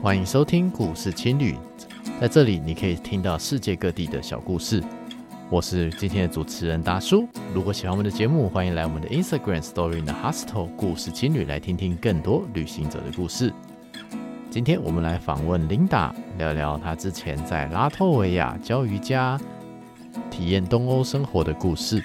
歡迎收聽《故事青旅》，在這裡你可以聽到世界各地的小故事。我是今天的主持人大叔。如果喜歡我們的節目，歡迎來我們的 Instagram Story in the Hostel《故事青旅》來聽聽更多旅行者的故事。今天我們來訪問 Linda，聊聊她之前在拉托維亞教瑜伽、體驗東歐生活的故事。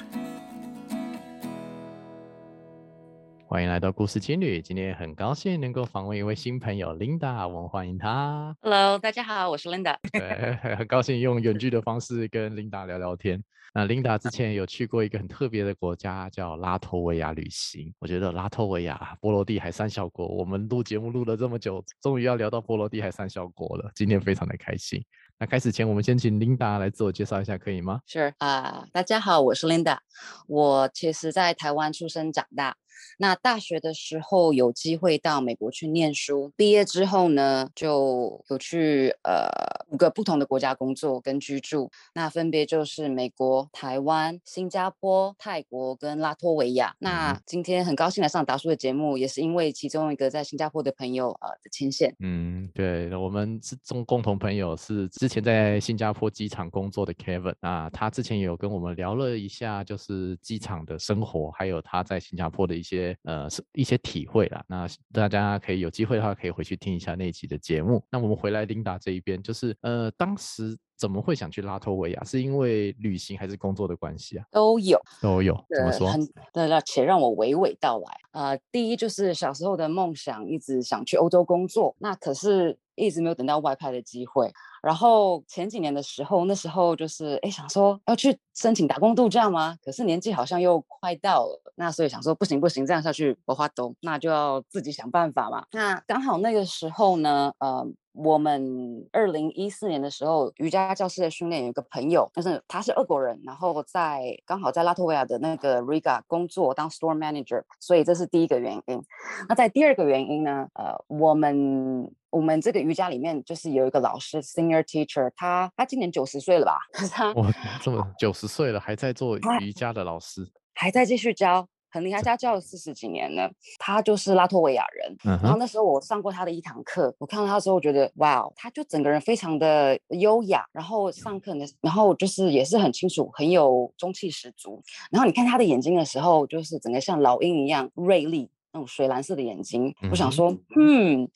歡迎來到故事青旅，今天很高興能夠訪問一位新朋友 Linda，我們歡迎她。Hello，大家好，我是 Linda。 對，很高興用遠距的方式跟 Linda 聊聊天。那 Linda 之前有去過一個很特別的國家，叫拉托維亞旅行。我覺得拉托維亞波羅的海三小國，我們錄節目錄了這麼久，終於要聊到波羅的海三小國了，今天非常的開心。那開始前，我們先請 Linda 來自我介紹一下，可以嗎？Sure 啊、呃，大家好，我是 Linda。我其實在台灣出生長大。那大學的時候有機會到美國去念書，畢業之後呢，就有去呃五個不同的國家工作跟居住。那分別就是美國、台灣、新加坡、泰國跟拉脫維亞。那今天很高興來上達叔的節目，也是因為其中一個在新加坡的朋友呃的牽線。嗯，對，我們是中共同朋友是之前在新加坡機場工作的 Kevin 啊，他之前有跟我們聊了一下就是機場的生活，還有他在新加坡的一些。些呃是一些體會啦，那大家可以有機會的話可以回去聽一下那一期的節目。那我們回來，琳達這一邊就是呃，當時怎麼會想去拉脫維亞？是因為旅行還是工作的關係啊？都有，都有。呃、怎麼說？很對，那且讓我娓娓道來呃，第一就是小時候的夢想，一直想去歐洲工作，那可是一直沒有等到外派的機會。然後前幾年的時候，那時候就是哎，想說要去申請打工度假嗎？可是年紀好像又快到了，那所以想說不行不行，這樣下去我花兜，那就要自己想辦法嘛。那剛好那個時候呢，呃，我們二零一四年的時候，瑜伽教師的訓練，有一個朋友，但、就是他是俄國人，然後在剛好在拉托維亞的那個 Riga 工作當 store manager，所以這是第一個原因。那在第二個原因呢，呃，我們我們這個瑜伽裡面就是有一個老師 Teacher，他他今年九十歲了吧？是他，哇，這麼九十歲了還在做瑜伽的老師，啊、還在繼續教，很厲害，教了四十幾年了。這他就是拉脫維亞人，嗯、哼然後那時候我上過他的一堂課，我看到他的時候，我覺得哇，他就整個人非常的優雅，然後上課呢，嗯、然後就是也是很清楚，很有中氣十足。然後你看他的眼睛的時候，就是整個像老鷹一樣銳利，那種水藍色的眼睛，嗯、哼我想說，嗯。嗯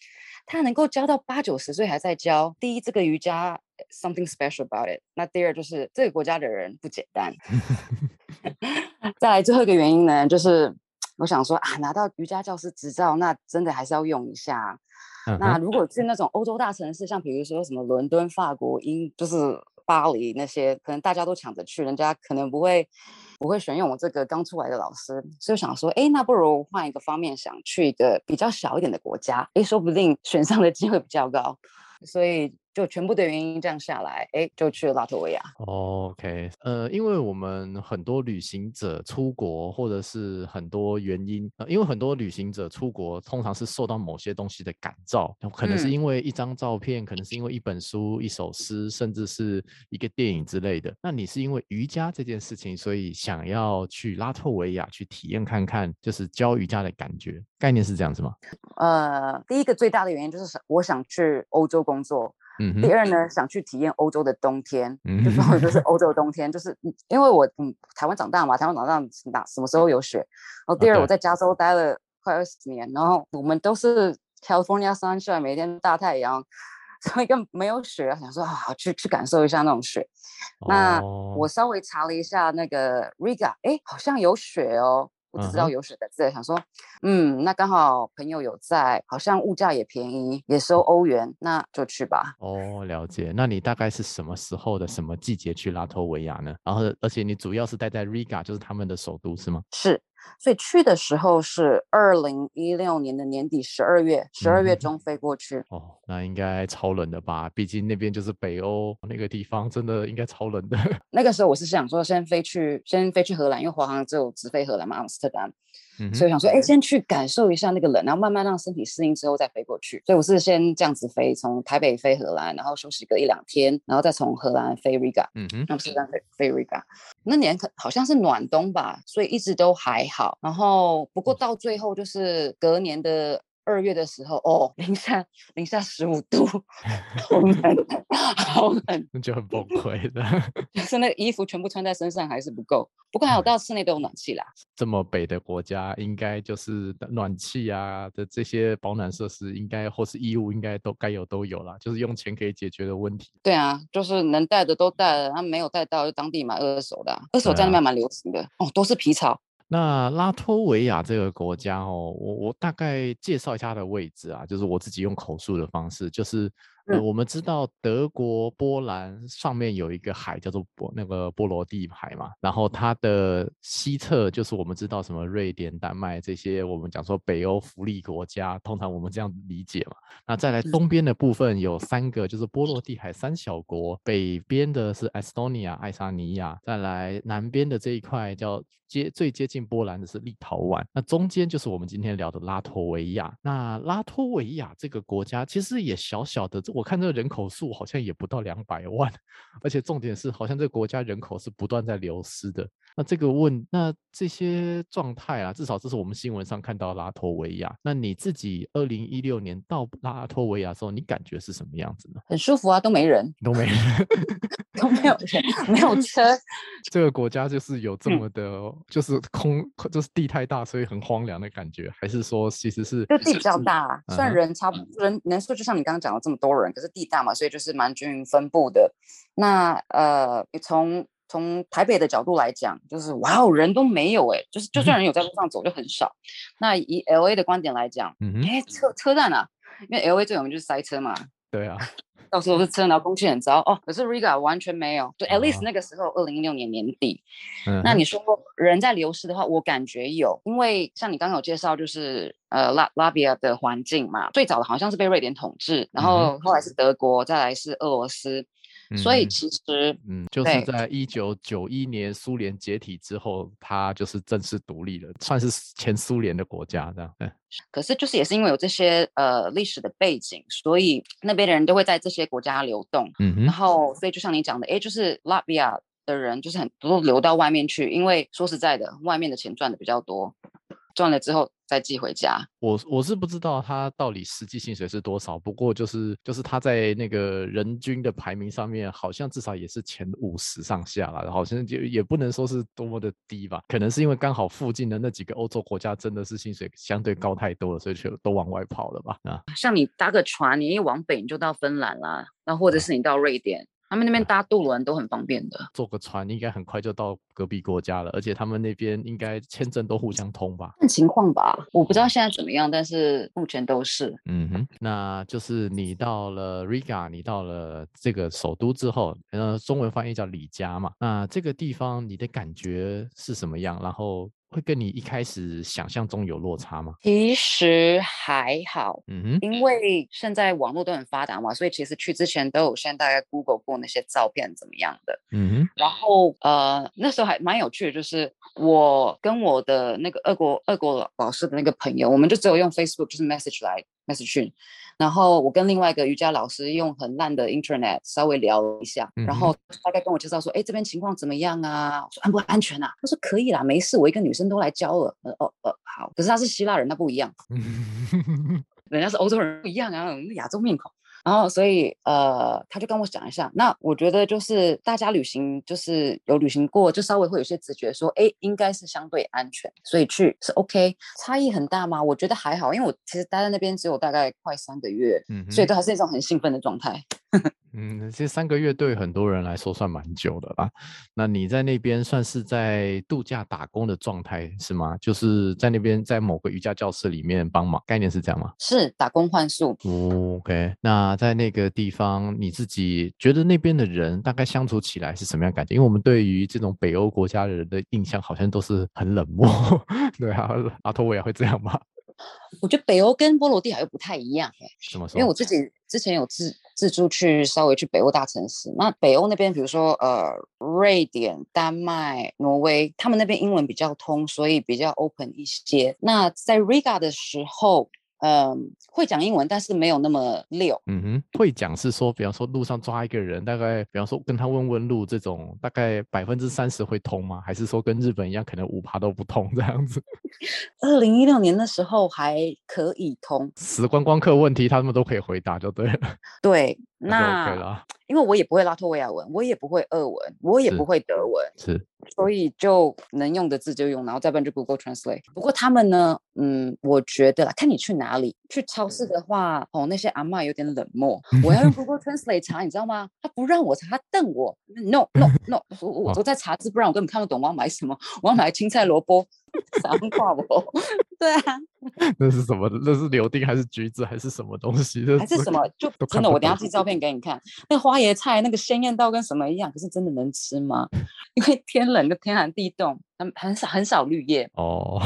他能夠教到八九十歲還在教。第一，這個瑜伽 something special about it。那第二就是這個國家的人不簡單。 再來最後一個原因呢，就是我想說啊，拿到瑜伽教師執照，那真的還是要用一下。Uh huh. 那如果是那種歐洲大城市，像比如說什麼倫敦、法國、英，就是巴黎那些，可能大家都搶着去，人家可能不會。我會選用我這個剛出來的老師，所以想說，哎，那不如換一個方面，想去一個比較小一點的國家，哎，說不定選上的機會比較高，所以。就全部的原因，這樣下來，哎，就去了拉脫維亞。Oh, OK，呃，因為我們很多旅行者出國，或者是很多原因，呃、因為很多旅行者出國，通常是受到某些東西的感召，可能是因為一張照片，嗯、可能是因為一本書、一首詩，甚至是一個電影之類的。那你是因為瑜伽這件事情，所以想要去拉脫維亞去體驗看看，就是教瑜伽的感覺。概念是這樣子嗎？呃，第一個最大的原因就是我想去歐洲工作。Mm hmm. 第二呢，想去體驗歐洲的冬天，mm hmm. 就是就是歐洲冬天，就是因為我嗯台灣長大嘛，台灣長大什麼時候有雪？然後第二我在加州待了快二十年，Okay. 然後我們都是 California sunshine，每天大太陽，所以跟沒有雪，想說啊去去感受一下那種雪。那我稍微查了一下那個 Riga，哎，好像有雪哦。我只知道有水的字，嗯、哼想說，嗯，那剛好朋友有在，好像物價也便宜，也收歐元，那就去吧。哦，了解。那你大概是什麼時候的什麼季節去拉托維亞呢？然後，而且你主要是待在 Riga，就是他們的首都，是嗎？是。所以去的時候是二零一六年的年底十二月，十二月中飛過去。嗯，哦，那應該超冷的吧？畢竟那邊就是北歐那個地方，真的應該超冷的。 那個時候我是想說，先飛去，先飛去荷蘭，因為華航只有直飛荷蘭嘛，阿姆斯特丹。Mm hmm. 所以我想說，哎，先去感受一下那個冷，然後慢慢讓身體適應之後再飛過去。所以我是先這樣子飛，從台北飛荷蘭，然後休息個一兩天，然後再從荷蘭飛里加、mm。嗯嗯，那不是這樣飛飛里加。那年可好像是暖冬吧，所以一直都還好。然後不過到最後就是隔年的。二月的時候，哦，零下零下十五度，好冷， 好冷，好冷，那就很崩潰的。就是那個衣服，全部穿在身上還是不夠，不過還好到室內都有暖氣啦、嗯。這麼北的國家，應該就是暖氣啊的這些保暖設施應該，應該或是衣物應該，應該都該有都有啦。就是用錢可以解決的問題。對啊，就是能帶的都帶了，他沒有帶到當地買二手的、啊，二手在那邊蠻、啊、流行的。哦，都是皮草。那拉脫維亞這個國家哦，我我大概介紹一下它的位置啊，就是我自己用口述的方式，就是、呃、我們知道德國、波蘭上面有一個海叫做波那個波羅的海嘛，然後它的西側就是我們知道什麼瑞典、丹麥這些，我們講說北歐福利國家，通常我們這樣理解嘛。那再來東邊的部分有三個，就是波羅的海三小國，北邊的是 Estonia、愛沙尼亞，再來南邊的這一塊叫。接最接近波蘭的是立陶宛，那中間就是我們今天聊的拉脫維亞。那拉脫維亞這個國家其實也小小的，我看這個人口數好像也不到兩百萬，而且重點是好像這個國家人口是不斷在流失的。那這個問，那這些狀態啊，至少這是我們新聞上看到的拉脫維亞。那你自己二零一六年到拉脫維亞的時候，你感覺是什麼樣子呢？很舒服啊，都沒人，都沒人， 都沒有人，沒有車。 這個國家就是有這麼的、嗯。就是空，就是地太大，所以很荒涼的感覺，還是說其實是就地比較大、啊， 雖然人差不多、嗯、哼人人數，就像你剛剛講的這麼多人，可是地大嘛，所以就是蠻均勻分布的。那呃，從從台北的角度來講，就是哇、哦，人都沒有誒、欸，就是就算人有在路上走，就很少。 那以 L A 的觀點來講，哎、嗯哼欸，車車站啊，因為 L A 最有名就是塞車嘛，對啊。到時候是吃得到空氣很糟。哦，可是 Riga 完全沒有，對、哦，at least 那個時候二零一六年年底，嗯、哼那你說過，人在流失的話，我感覺有，因為像你剛剛有介紹，就是呃拉拉比亞的環境嘛，最早的好像是被瑞典統治，嗯、哼然後後來是德國，再來是俄羅斯。嗯、所以其實，嗯，就是在一九九一年蘇聯解體之後，它對就是正式獨立了，算是前蘇聯的國家，這樣。對。可是就是也是因為有這些呃歷史的背景，所以那邊的人都會在這些國家流動。嗯哼然後，所以就像你講的，誒，就是 Latvia 的人就是很多流到外面去，因為說實在的，外面的錢賺的比較多。賺了之後再寄回家。我我是不知道他到底實際薪水是多少，不過就是就是他在那個人均的排名上面，好像至少也是前五十上下啦，好像就也不能說是多麼的低吧。可能是因為剛好附近的那幾個歐洲國家真的是薪水相對高太多了，所以就都往外跑了吧啊。像你搭個船，你一往北你就到芬蘭啦，那或者是你到瑞典。嗯他們那邊搭渡輪都很方便的，坐個船應該很快就到隔壁國家了。而且他們那邊應該簽證都互相通吧？看情況吧，我不知道現在怎麼樣，但是目前都是。嗯哼，那就是你到了 Riga，你到了這個首都之後，呃，中文翻譯叫里加嘛。那這個地方你的感覺是什麼樣？然後，會跟你一開始想象中有落差嗎？其實還好，嗯哼，因為現在網絡都很發達嘛，所以其實去之前都有先大概 Google 過那些照片怎麼樣的，嗯哼。然後呃，那時候還蠻有趣的，就是我跟我的那個俄國俄國老師的那個朋友，我們就只有用 Facebook 就是 message 來。m e s 然後我跟另外一個瑜伽老師用很爛的 Internet 稍微聊一下，然後大概跟我介紹說：“哎，這邊情況怎麼樣啊？我說安不安全啊？”他說：“可以啦，沒事，我一個女生都來教了。哦”呃哦呃，好，可是他是希臘人，那不一樣， 人家是歐洲人不一樣啊，亞洲面孔。然後，所以呃，他就跟我講一下。那我覺得就是大家旅行，就是有旅行過，就稍微會有些直覺說，說誒，應該是相對安全，所以去是 OK。差異很大嗎？我覺得還好，因為我其實待在那邊只有大概快三個月，嗯、哼所以都還是一種很興奮的狀態。 嗯，這三個月對很多人來說算蠻久的吧？那你在那邊算是在度假打工的狀態是嗎？就是在那邊在某個瑜伽教室裡面幫忙，概念是這樣嗎？是打工換宿、嗯。OK，那在那個地方你自己覺得那邊的人大概相處起來是什麼樣感覺？因為我們對於這種北歐國家的人的印象好像都是很冷漠， 對啊，拉托維亞會這樣嗎？我覺得北歐跟波羅的海又不太一樣、欸，哎，怎麼說？因為我自己之前有自自助去稍微去北歐大城市，那北歐那邊，比如說呃，瑞典、丹麥、挪威，他們那邊英文比較通，所以比較 open 一些。那在 Riga 的時候，嗯、呃，會講英文，但是沒有那麼溜。嗯哼，會講是說，比方說路上抓一個人，大概，比方說跟他問問路這種，大概百分之三十會通嗎？還是說跟日本一樣，可能五趴都不通這樣子？二零一六年的時候還可以通，時觀光客問題他們都可以回答就對了。對。那 okay, okay 因為我也不會拉脫維亞文，我也不會俄文，我也不會德文，所以就能用的字就用，然後再搬去 Google Translate。不過他們呢，嗯，我覺得看你去哪裡，去超市的話，哦，那些阿嬤有點冷漠。我要用 Google Translate 查， 你知道嗎？他不讓我查，他瞪我，no no no， 哦、我我都在查字，不然我根本看不懂我要買什麼。我要買青菜蘿蔔，傻瓜 我， 對啊。那 是什麼？那是柳丁還是橘子還是什麼東西？是還是什麼？就真的，都看不到，我等下寄照片給你看。那花椰菜那個鮮豔到跟什麼一樣？可是真的能吃嗎？ 因為天冷的，就天寒地凍，很很少很少綠葉哦。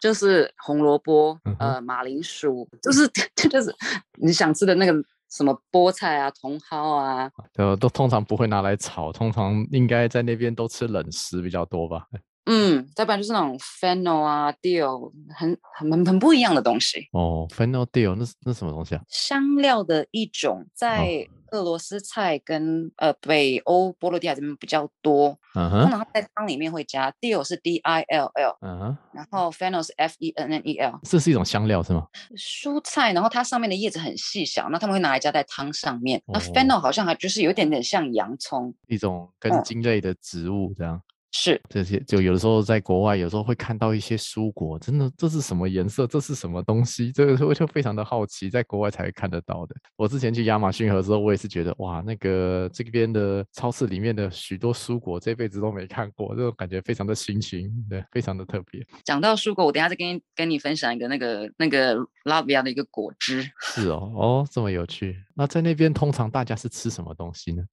就是紅蘿蔔， 呃，馬鈴薯，就是就就是你想吃的那個什麼菠菜啊，茼蒿啊，都通常不會拿來炒，通常應該在那邊都吃冷食比較多吧。嗯，再不然就是那種 fennel 啊，dill 很很很不一樣的東西。哦，fennel dill 那是那什麼東西啊？香料的一種，在俄羅斯菜跟、哦、呃北歐波羅的海這邊比較多。嗯哼，然後在湯裡面會加 dill 是 d i l l，嗯哼，然後 fennel 是 f e n n e l。這是一種香料是嗎？蔬菜，然後它上面的葉子很細小，那他們會拿來加在湯上面。哦、那 fennel 好像還就是有點點像洋蔥，一種根莖類的植物這樣。嗯是這些，就有的時候在國外，有時候會看到一些蔬果，真的，這是什麼顏色？這是什麼東西？這個我就非常的好奇，在國外才會看得到的。我之前去亞馬遜河的時候，我也是覺得哇，那個這邊的超市裡面的許多蔬果，這輩子都沒看過，這種感覺非常的新奇，對，非常的特別。講到蔬果，我等一下再跟你跟你分享一個那個那個拉脫維亞的一個果汁。 是哦，哦，這麼有趣。那在那邊通常大家是吃什麼東西呢？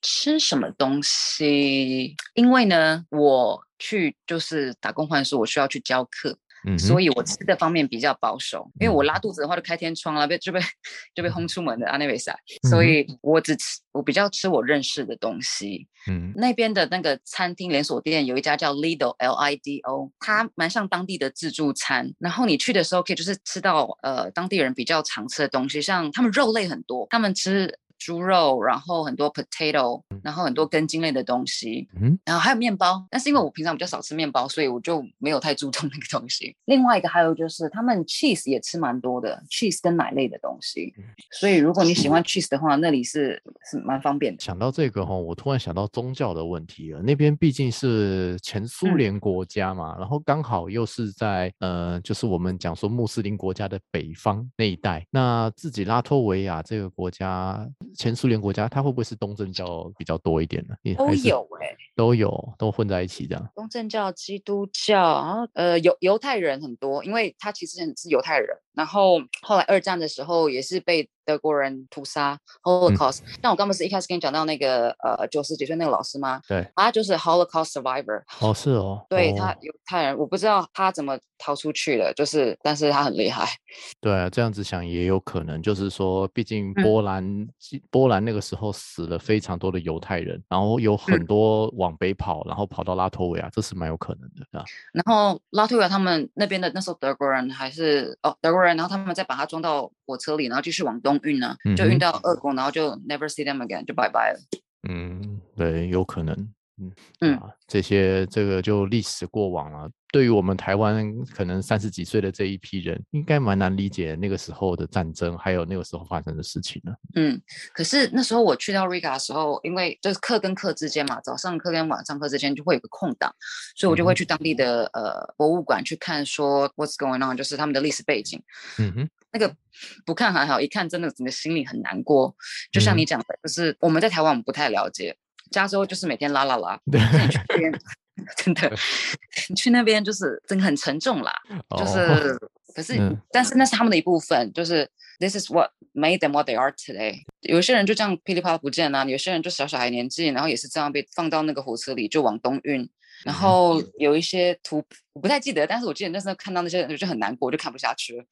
吃什麼東西？因為呢？我去就是打工換宿，我需要去教課，嗯、哼所以我吃的方面比較保守，嗯、哼因為我拉肚子的話就開天窗了，被、嗯、哼就被就被轟出門的，嗯、哼所以，我只吃我比較吃我認識的東西。嗯哼，那邊的那個餐廳連鎖店有一家叫 Lido L I D O，它蠻像當地的自助餐。然後你去的時候可以就是吃到呃當地人比較常吃的東西，像他們肉類很多，他們吃。豬肉，然後很多 potato，然後很多根莖類的東西，嗯、然後還有麵包。但是因為我平常比較少吃麵包，所以我就沒有太注重那個東西。另外一個還有就是他們 cheese 也吃蠻多的，cheese 跟奶類的東西。所以如果你喜歡 cheese 的話，起司。那裡是是蠻方便的。想到這個哈、哦，我突然想到宗教的問題了。那邊畢竟是前蘇聯國家嘛，嗯、然後剛好又是在呃，就是我們講說穆斯林國家的北方那一帶。那自己拉脫維亞這個國家。前蘇聯國家，它會不會是東正教比較多一點呢？都有誒，都有，欸、都有，都混在一起這樣。東正教、基督教，然、啊、後呃，猶猶太人很多，因為他其實人是猶太人。然後後來二戰的時候也是被德國人屠殺 Holocaust。嗯、但我剛剛不是一開始跟你講到那個呃九十幾歲那個老師嗎？對，他就是 Holocaust survivor。哦，是哦。對，他猶太人，哦、我不知道他怎麼逃出去的，就是但是他很厲害。對、啊，這樣子想也有可能，就是說，畢竟波蘭、嗯、波蘭那個時候死了非常多的猶太人，然後有很多往北跑，嗯、然後跑到拉托維亞，這是蠻有可能的啊。是吧，然後拉托維亞他們那邊的那時候德國人還是哦德國。然後他們再把它裝到火車裡，然後繼續往東運呢，嗯、哼就運到俄國，然後就 never see them again，就拜拜了。嗯，對，有可能。嗯嗯、啊，這些這個就歷史過往了、啊。對於我們台灣可能三十幾歲的這一批人，應該蠻難理解那個時候的戰爭，還有那個時候發生的事情呢，嗯，可是那時候我去到里加的時候，因為就是課跟課之間嘛，早上課跟晚上課之間就會有個空檔，所以我就會去當地的、嗯、哼呃博物館去看，說 What's going on？就是他們的歷史背景。嗯哼，那個不看還好，一看真的整個心裡很難過。就像你講的，嗯、哼就是我們在台灣我們不太了解，加州就是每天拉拉拉。對 真的，你去那邊就是真的很沉重啦。就是，oh. 可是，mm. 但是那是他們的一部分。就是 this is what made them what they are today。有些人就這樣噼裡啪啦不見啦，啊，有些人就小小孩年紀，然後也是這樣被放到那個火車裡就往東運。然後有一些圖，mm. 我不太記得，但是我記得那時候看到那些人就很難過，我就看不下去。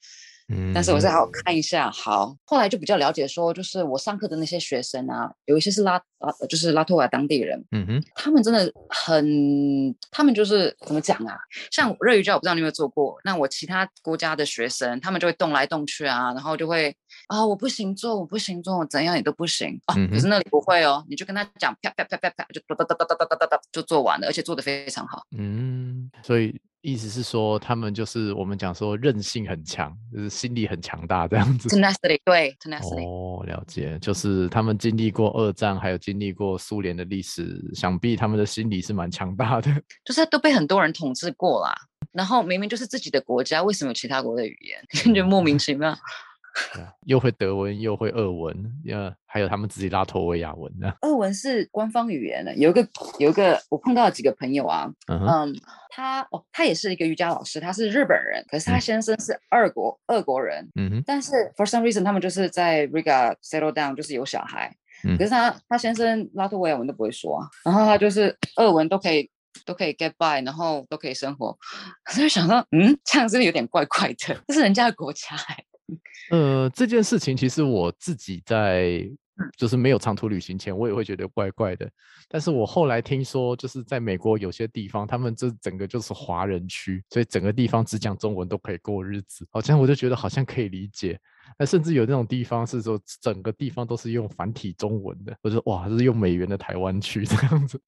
但是我再好好看一下，好，後來就比較了解，說就是我上課的那些學生啊，有一些是拉呃，就是拉脫維亞當地人，嗯哼，他們真的很，他們就是怎麼講啊？像熱瑜伽，我不知道你有沒有做過？那我其他國家的學生，他們就會動來動去啊，然後就會啊，我不行做，我不行做，怎樣也都不行啊。可是那裡不會哦，你就跟他講，啪啪啪啪啪，就噠噠噠噠噠噠噠噠。就做完了，而且做得非常好。嗯，所以意思是說，他們就是我們講說韌性很強，就是心理很強大這樣子。Tenacity, 對，tenacity。哦，了解，就是他們經歷過二戰，還有經歷過蘇聯的歷史，想必他們的心理是蠻強大的。就是都被很多人統治過啦，然後明明就是自己的國家，為什麼有其他國家的語言？你莫名其妙。 又會德文，又會俄文，呃，還有他們自己拉脫維亞文呢。啊、俄文是官方語言的有一個，有一個，我碰到幾個朋友啊，嗯，哼嗯，他哦，他也是一個瑜伽老師，他是日本人，可是他先生是俄國、嗯、俄國人，嗯哼，但是 for some reason，他們就是在 Riga settle down，就是有小孩，嗯、可是他他先生拉脫維亞文都不會說、啊，然後他就是俄文都可以都可以 get by，然後都可以生活， 所以想說，嗯，這樣是不是有點怪怪的？這是人家的國家哎呃、嗯，這件事情其實我自己在就是沒有長途旅行前，我也會覺得怪怪的。但是我後來聽說，就是在美國有些地方，他們這整個就是華人區，所以整個地方只講中文都可以過日子，好像我就覺得好像可以理解。那甚至有那種地方是說整個地方都是用繁體中文的，或者哇是用美元的台灣區這樣子，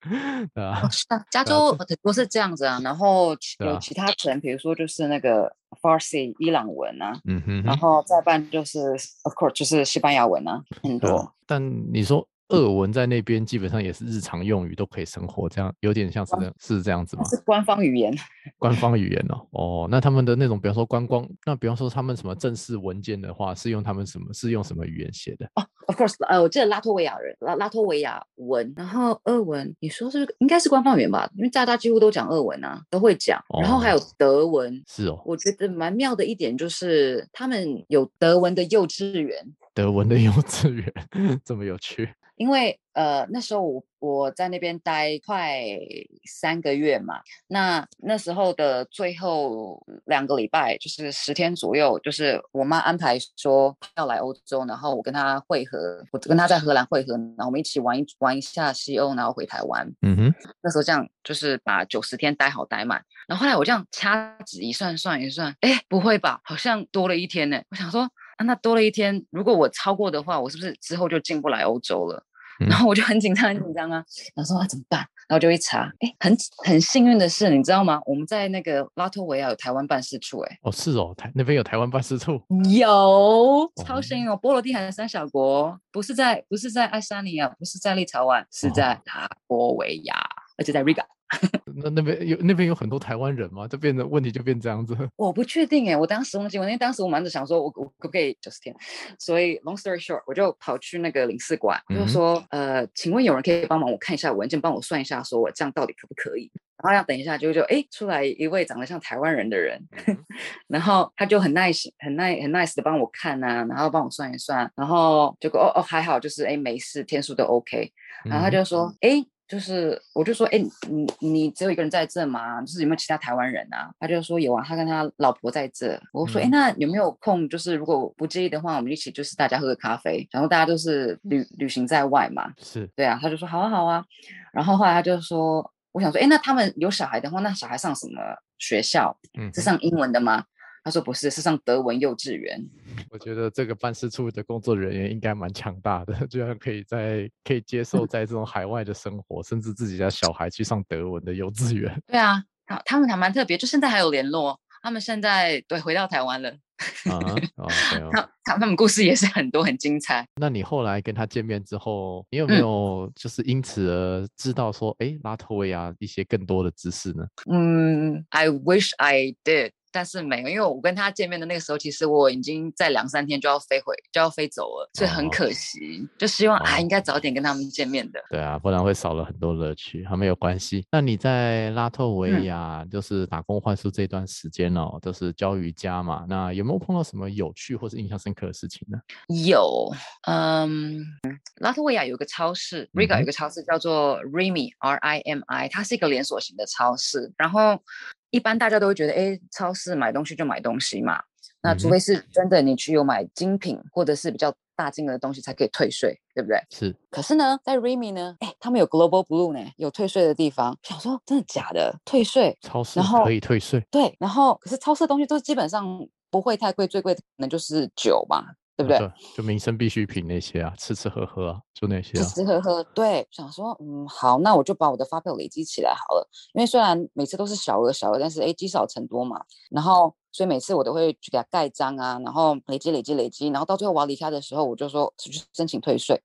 啊，啊加州不是這樣子啊，啊然後有其他全，吧比如說就是那個 Farsi 伊朗文啊，嗯哼，哼，然後再辦就是 Of course 就是西班牙文啊，很多吧，嗯，但你說。俄文在那邊基本上也是日常用語，都可以生活，這樣有點像是、哦、是這樣子嗎？是官方語言， 官方語言哦。哦，那他們的那種，比方說觀光，那比方說他們什麼正式文件的話，是用他們什麼是用什麼語言寫的？哦，of course，呃、啊，我記得拉脫維亞人拉拉脫維亞文，然後俄文，你說是，是應該是官方語言吧？因為大家幾乎都講俄文啊，都會講。哦、然後還有德文，是哦。我覺得蠻妙的一點就是他們有德文的幼稚園，德文的幼稚園，這麼有趣。因為呃那時候我我在那邊待快三個月嘛，那那時候的最後兩個禮拜就是十天左右，就是我媽安排說要來歐洲，然後我跟她會合，我跟她在荷蘭會合，然後我們一起玩一玩一下西歐，然後回台灣。嗯哼，那時候這樣就是把九十天待好待滿。然後後來我這樣掐指一算算一算，哎，不會吧？好像多了一天呢。我想說啊，那多了一天，如果我超過的話，我是不是之後就進不來歐洲了？ 然後我就很緊張，很緊張啊！然後說、啊、怎麼辦？然後我就一查，哎，很很幸運的是，你知道嗎？我們在那個拉脫維亞有台灣辦事處、欸。哎，哦，是哦，台那邊有台灣辦事處，有超幸運哦！哦波羅的海的三小國，不是在不是在愛沙尼亞，不是在立陶宛，是在拉脫維亞，哦、而且在 Riga。 那那邊，那邊有那邊有很多台灣人嗎？就變成問題就變這樣子。我不確定哎，我當時忘記我因為當時我忙着想說我我，我可不可以九十天，所以 long story short，我就跑去那個領事館，就說、嗯、呃，請問有人可以幫忙我看一下文件，幫我算一下，說我這樣到底可不可以？然後要等一下就，就就哎，出來一位長得像台灣人的人，嗯、 然後他就很耐心、很耐、很 nice 的幫我看吶、啊，然後幫我算一算，然後結果哦哦還好，就是哎沒事，天數都 OK，然後他就說、嗯、哎。就是，我就說，哎，你你只有一個人在這嗎？就是有沒有其他台灣人啊？他就說有啊，他跟他老婆在這。我說，哎、嗯，那有沒有空？就是如果不介意的話，我們一起，就是大家喝個咖啡，然後大家都是旅旅行在外嘛，是。對啊。他就說好啊好啊。然後後來他就說，我想說，哎，那他們有小孩的話，那小孩上什麼學校？是上英文的嗎？嗯嗯他說不是，是上德文幼稚園。我覺得這個辦事處的工作人員應該蠻強大的，居然可以在可以接受在這種海外的生活， 甚至自己家小孩去上德文的幼稚園。對啊，他他們還蠻特別，就現在還有聯絡。他們現在對回到台灣了 啊，啊對啊他他，他們故事也是很多很精彩。那你後來跟他見面之後，你有沒有就是因此而知道說，哎、嗯，拉脫維亞一些更多的知識呢？嗯、um，I wish I did. 但是沒有，因為我跟他見面的那個時候，其實我已經在兩三天就要飛回，就要飛走了，所以很可惜。哦哦就希望、哦、啊，應該早點跟他們見面的。對啊，不然會少了很多樂趣。還沒有關係。那你在拉脫維亞就是打工換宿這段時間哦，都、嗯、是教瑜伽嘛。那有沒有碰到什麼有趣或是印象深刻的事情呢？有，嗯，拉脫維亞有一個超市，Riga 有一個超市叫做 Ri、嗯、mi R I M I，它是一個連鎖型的超市，然後。一般大家都會覺得、欸，超市買東西就買東西嘛。那除非是真的，你去有買精品或者是比較大金額的東西才可以退稅，對不對？是。可是呢，在 Rimi 呢、欸，他們有 Global Blue 呢，有退稅的地方。想說真的假的？退稅超市後可以退稅？對。然後，可是超市的東西都基本上不會太貴，最貴的可能就是酒吧。對不對、啊、對？就民生必需品那些啊，吃吃喝喝啊，就那些、啊。吃吃喝喝，對，想說，嗯，好，那我就把我的發票累積起來好了。因為雖然每次都是小額小額，但是哎，積少成多嘛。然後，所以每次我都會去給他蓋章啊，然後累積累積累積，然後到最後我要離開的時候，我就說去申請退稅。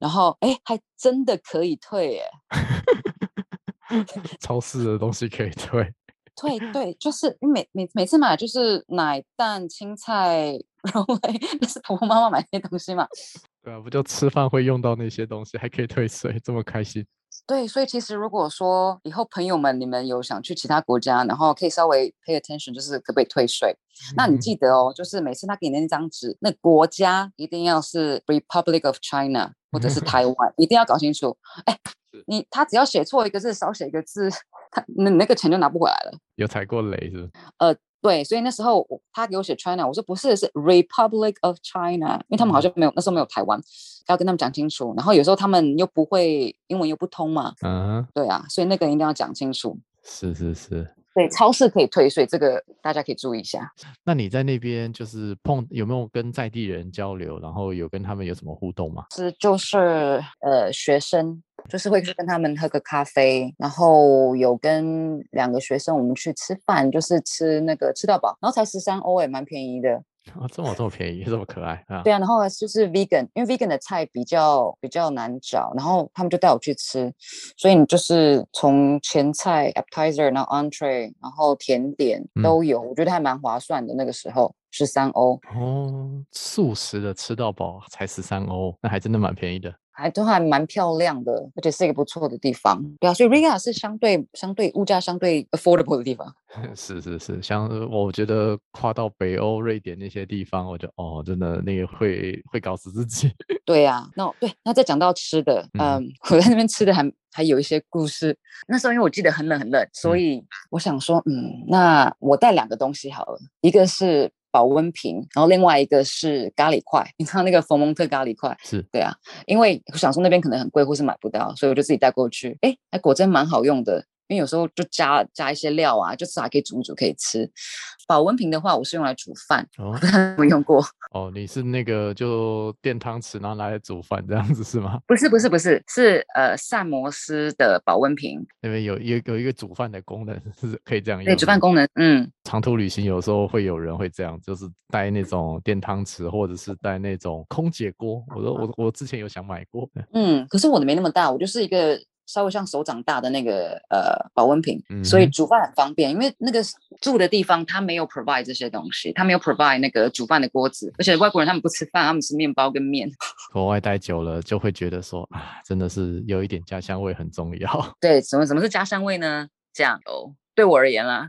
然後，哎，還真的可以退耶！ 超市的東西可以退？退對，對，就是每每每次買就是奶蛋青菜。然後 那是婆婆媽媽買那些東西嘛？對啊，不就吃飯會用到那些東西，還可以退稅，這麼開心。對，所以其實如果說以後朋友們你們有想去其他國家，然後可以稍微 pay attention，就是可不可以退稅？嗯、那你記得哦，就是每次他給你的那張紙，那國家一定要是 Republic of China 或者是台灣，嗯、一定要搞清楚。哎，是你他只要寫錯一個字，少寫一個字。那那個錢就拿不回來了，有踩過雷是不是？呃，對，所以那時候他給我寫 China，我說不是，是 Republic of China，因為他們好像沒有、嗯、那時候沒有台灣，要跟他們講清楚。然後有時候他們又不會英文又不通嘛，嗯，對啊，所以那個一定要講清楚。是是是，對，超市可以退稅，這個大家可以注意一下。那你在那邊就是碰有沒有跟在地人交流，然後有跟他們有什麼互動嗎？是就是呃學生。就是會去跟他們喝個咖啡，然後有跟兩個學生我們去吃飯，就是吃那個吃到飽，然後才十三歐，也蠻便宜的。啊，這麼這麼便宜，這麼可愛啊！對啊，然後就是 vegan，因為 vegan 的菜比較比較難找，然後他們就帶我去吃，所以你就是從前菜 appetizer，然後 entree，然後甜點都有，嗯、我覺得還蠻划算的。那個時候十三歐。哦，素食的吃到飽才十三歐，那還真的蠻便宜的。還都還蠻漂亮的，而且是一個不錯的地方，對啊，所以 Riga 是相對相對物價相對 affordable 的地方。是是是，像我覺得跨到北歐瑞典那些地方，我覺得哦，真的那個會會搞死自己。對啊，那對那再講到吃的，嗯、呃，我在那邊吃的還還有一些故事。那時候因為我記得很冷很冷，所以我想說，嗯，那我帶兩個東西好了，一個是。保溫瓶，然後另外一個是咖喱塊，你知道那個佛蒙特咖喱塊，是對啊，因為我想說那邊可能很貴或是買不到，所以我就自己帶過去。哎，還果真蠻好用的，因為有時候就加加一些料啊，就是還可以煮煮可以吃。保溫瓶的話，我是用來煮飯，我、oh. 用過。哦，你是那個就電湯匙，然後拿來煮飯這樣子是嗎？不是不是不是，是呃膳魔師的保溫瓶，那邊有有有一個煮飯的功能，是可以這樣用。對，煮飯功能，嗯。長途旅行有時候會有人會這樣，就是帶那種電湯匙，或者是帶那種空姐鍋。我說我我之前有想買過。嗯，可是我的沒那麼大，我就是一個。稍微像手掌大的那個呃保溫瓶，嗯哼，所以煮飯很方便。因為那個住的地方他沒有 provide 這些東西，他沒有 provide 那個煮飯的鍋子。而且外國人他們不吃飯，他們吃麵包跟麵。國外待久了就會覺得說啊，真的是有一點家鄉味很重要。對，什麼什麼是家鄉味呢？這樣哦。對我而言啦，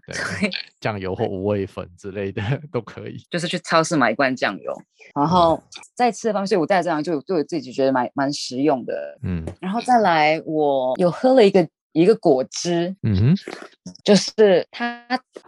醬對以油或五味粉之類的對都可以。就是去超市買一罐醬油，嗯、然後再吃的方式，我再這樣就對我自己就覺得蠻蠻實用的。嗯，然後再來，我有喝了一個。一個果汁，嗯哼就是它，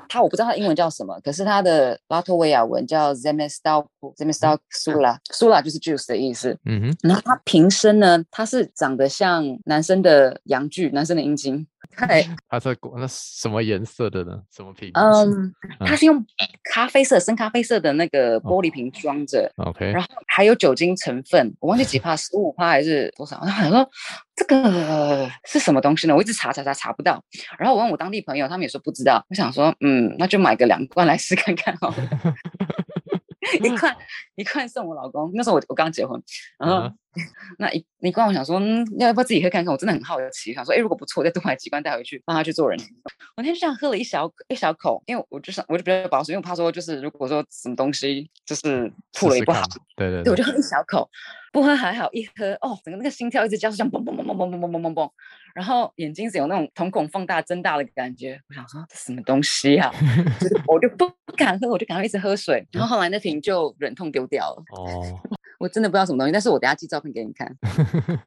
它我不知道它英文叫什麼，可是它的拉脫維亞文叫 zemestalk，zemestalksula，sula 就是 juice 的意思，嗯哼，然後它瓶身呢，它是長得像男生的陽具，男生的陰莖，在 來， 它在果那什麼顏色的呢？什麼瓶？嗯，它是用咖啡色、嗯、深咖啡色的那個玻璃瓶裝着，OK，哦、然後還有酒精成分，哦、我忘記幾趴，十五趴還是多少？然後 這個是什麼東西呢？我一直查查查查不到，然後我問我當地朋友，他們也說不知道。我想說，嗯，那就買個兩罐來試看看哦， 一罐一罐送我老公。那時候我我剛結婚，然後。嗯 那一罐我想說，嗯、要不要自己喝看看？我真的很好奇，想說，哎、欸，如果不錯，我再多買幾罐帶回去，幫他去做人。我那天就這樣喝了一小一小口，因為我就想，我就比較保守，因為我怕說，就是如果說什麼東西，就是吐了也不好。對對，對，對。對，我就喝一小口，不喝還好，一喝，哦，整個那個心跳一直加速，像蹦蹦蹦蹦蹦嘣嘣嘣，然後眼睛是有那種瞳孔放大、增大的感覺。我想說，這是什麼東西啊？ 就我就不不敢喝，我就趕快一直喝水。然後後來那瓶就忍痛丟掉了。哦、嗯。 我真的不知道什麼東西，但是我等下寄照片給你看呵呵。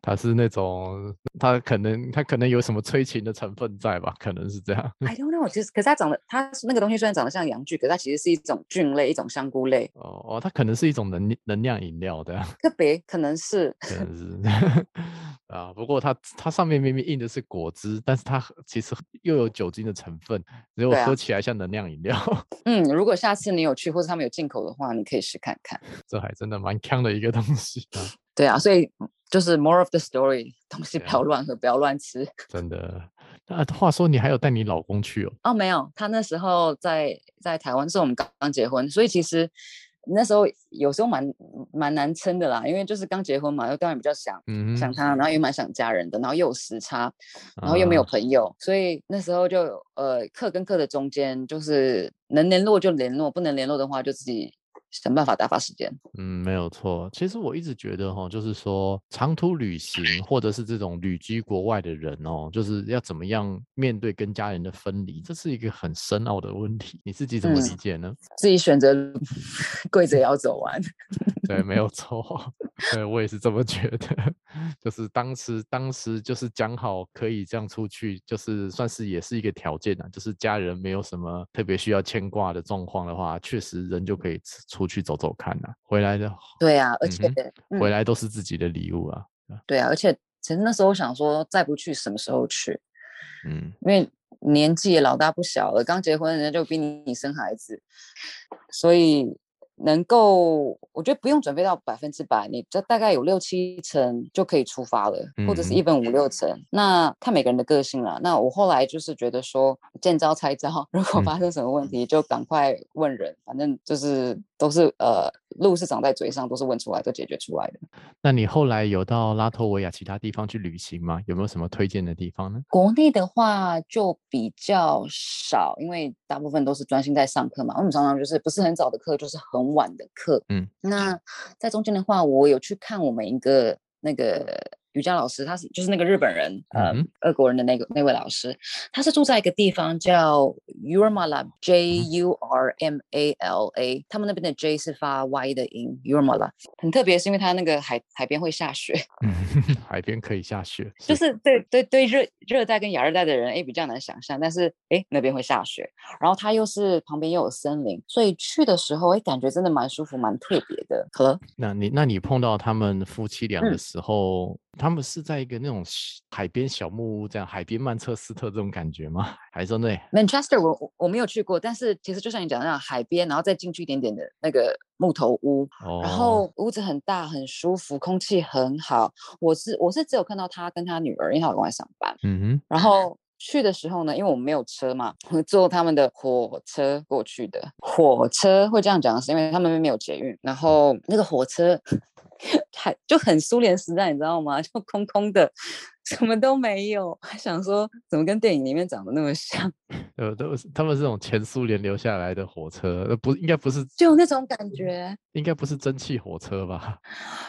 它是那種，它可能，它可能有什麼催情的成分在吧？可能是這樣。I don't know，其實，可是它長得，它那個東西雖然長得像陽具，可是它其實是一種菌類，一種香菇類。哦哦，它可能是一種能能量飲料的。特別可能是。可能是 啊，不過它，它上面，明明印的是果汁，但是它其實又有酒精的成分，所以我喝起來像能量飲料。啊。嗯，如果下次你有去，或者他們有進口的話，你可以試看看。這還真的蠻強的一個東西，啊。對啊，所以就是 more of the story，東西不要亂喝，啊，不要亂吃。真的，那話說你還有帶你老公去哦？哦，沒有，他那時候在在台灣，是我們剛剛結婚，所以其實。那時候有時候蠻蠻難撐的啦，因為就是剛結婚嘛，又當然比較想，嗯、想他，然後也蠻想家人的，然後又有時差，然後又沒有朋友，啊、所以那時候就呃課跟課的中間，就是能聯絡就聯絡，不能聯絡的話就自己。想辦法打發時間。嗯，沒有錯。其實我一直覺得哈，就是說長途旅行或者是這種旅居國外的人哦，就是要怎麼樣面對跟家人的分離，這是一個很深奧的問題。你自己怎麼理解呢？嗯，自己選擇跪着也要走完。 對，沒有錯。 對，我也是這麼覺得。 就是當時，當時就是講好可以這樣出去，就是算是也是一個條件呢、啊。就是家人沒有什麼特別需要牽掛的狀況的話，確實人就可以出去走走看了、啊。回來就好。對啊，而且、嗯哼嗯、回來都是自己的禮物啊。對啊，而且其實那時候我想說，再不去什麼時候去？嗯，因為年紀也老大不小了，剛結婚人家就逼你生孩子，所以。能夠，我覺得不用準備到百分之百，你就大概有六七成就可以出發了，或者是一分五六成，嗯、那看每個人的個性了、啊。那我後來就是覺得說見招拆招，如果發生什麼問題就趕快問人，嗯、反正就是。都是呃，路是長在嘴上，都是問出來，都解決出來的。那你後來有到拉托維亞其他地方去旅行嗎？有沒有什麼推薦的地方呢？國內的話就比較少，因為大部分都是專心在上課嘛。我們常常就是不是很早的課，就是很晚的課。嗯，那在中間的話，我有去看我們一個那個。瑜伽老師，他是就是那個日本人，嗯、呃，uh huh. 俄國人的那個那位老師，他是住在一個地方叫 Yurmala J U R M A L A，、uh huh. 他們那邊的 J 是發 Y 的音，Yurmala 很特別，是因為他那個海海邊會下雪， 海邊可以下雪，就是對對對，對熱熱帶跟亞熱帶的人哎比較難想象，但是哎那邊會下雪，然後他又是旁邊又有森林，所以去的時候哎感覺真的蠻舒服蠻特別的。呵，那你那你碰到他們夫妻倆的時候。嗯他們是在一個那種海邊小木屋，這樣海邊曼徹斯特這種感覺嗎？還是對？Manchester，我我沒有去過，但是其實就像你講的那樣，海邊然後再進去一點點的那個木頭屋，Oh. 然後屋子很大很舒服，空氣很好。我是我是只有看到他跟他女兒，因為他老公在上班。嗯哼、mm，hmm. 然後。去的時候呢，因為我們沒有車嘛，會坐他們的火車過去的。火車會這樣講的是，因為他們沒有捷運，然後那個火車還 就很蘇聯時代，你知道嗎？就空空的。什麼都沒有，還想說怎麼跟電影裡面長得那麼像？呃，都他們是這種前蘇聯留下來的火車，不，應該不是，就那種感覺。應該不是蒸汽火車吧？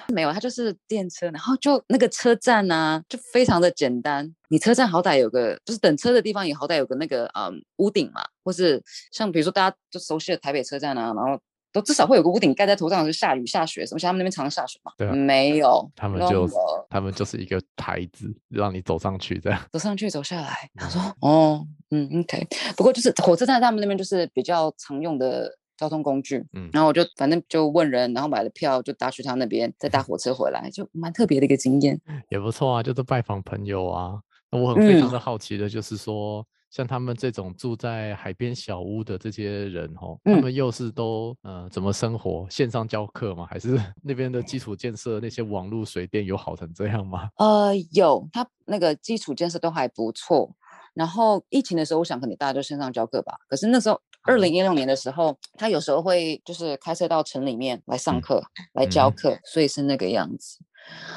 沒有，它就是電車，然後就那個車站啊，就非常的簡單。你車站好歹有個，就是等車的地方也好歹有個那個嗯屋頂嘛，或是像比如說大家都熟悉的台北車站啊，然後。都至少會有個屋頂蓋在頭上，就是、下雨下雪什麼？像他們那邊常常下雪嗎？對啊，沒有，他們就他們就是一個臺子，讓你走上去這樣，走上去走下來。嗯、他說：“哦，嗯，OK。”不過就是火車站在他們那邊就是比較常用的交通工具。嗯，然後我就反正就問人，然後買了票就搭去他那邊，再搭火車回來，嗯、就蠻特別的一個經驗。也不錯啊，就是拜訪朋友啊。那我很非常的好奇的就是說。嗯像他們這種住在海邊小屋的這些人齁、嗯、他們又是都呃怎麼生活？線上教課嗎？還是那邊的基礎建設、嗯、那些網絡、水電有好成這樣嗎？呃，有，他那個基礎建設都還不錯。然後疫情的時候，我想可能大家都線上教課吧。可是那時候二零一六年的時候，他有時候會就是開車到城裡面來上課，嗯、來教課，嗯、所以是那個樣子。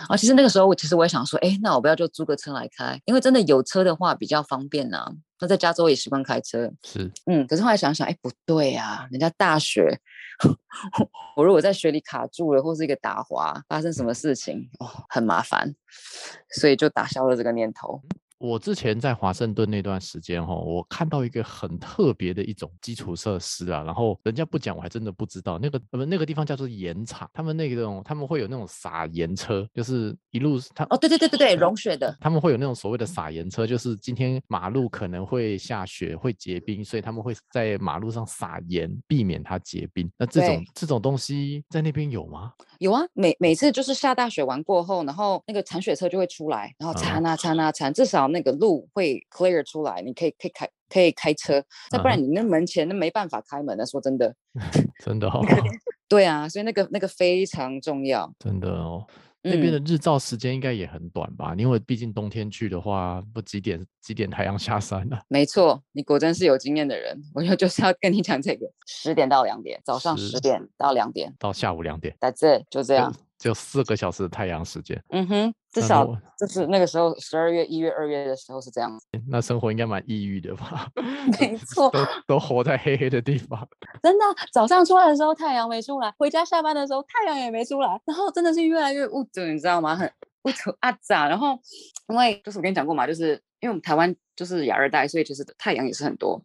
啊，其實那個時候我其實我也想說，哎、欸，那我不要就租個車來開，因為真的有車的話比較方便吶、啊。那在加州也習慣開車，是，嗯，可是後來想想，哎、欸，不對呀、啊，人家大雪， 我如果在雪裡卡住了，或是一個打滑，發生什麼事情哦，很麻煩，所以就打消了這個念頭。我之前在華盛頓那段時間，哈，我看到一個很特別的一種基礎設施啊，然後人家不講，我還真的不知道。那個、呃、那個地方叫做鹽場，他們那個，他們會有那種撒鹽車，就是一路他哦，對對對對對，融雪的。他們會有那種所謂的撒鹽車，就是今天馬路可能會下雪會結冰，所以他們會在馬路上撒鹽，避免它結冰。那這種對這種東西在那邊有嗎？有啊，每每次就是下大雪完過後，然後那個鏟雪車就會出來，然後鏟啊鏟啊鏟，至少那個路會 clear 出來，你可以可以開可以開車，那不然你那門前那沒辦法開門的，啊，說真的， 真的哦， 對啊，所以那個那個非常重要，真的哦。那邊的日照時間應該也很短吧？嗯，因為畢竟冬天去的話，不幾點幾點太陽下山了，啊？沒錯，你果真是有經驗的人，我就就是要跟你講這個，十 點到兩點，早上十點到兩點，到下午兩點，在這就這樣，就四個小時的太陽時間。嗯哼。至少就是那個時候，十二月、一月、二月的時候是這樣子。 那生活應該蠻抑鬱的吧？沒錯 都，都都活在黑黑的地方。真的，早上出來的時候太陽沒出來，回家下班的時候太陽也沒出來，然後真的是越來越霧堵，你知道嗎？很霧堵啊咋？然後因為就是我跟你講過嘛，就是因為我們台灣就是亞熱帶，所以其實太陽也是很多。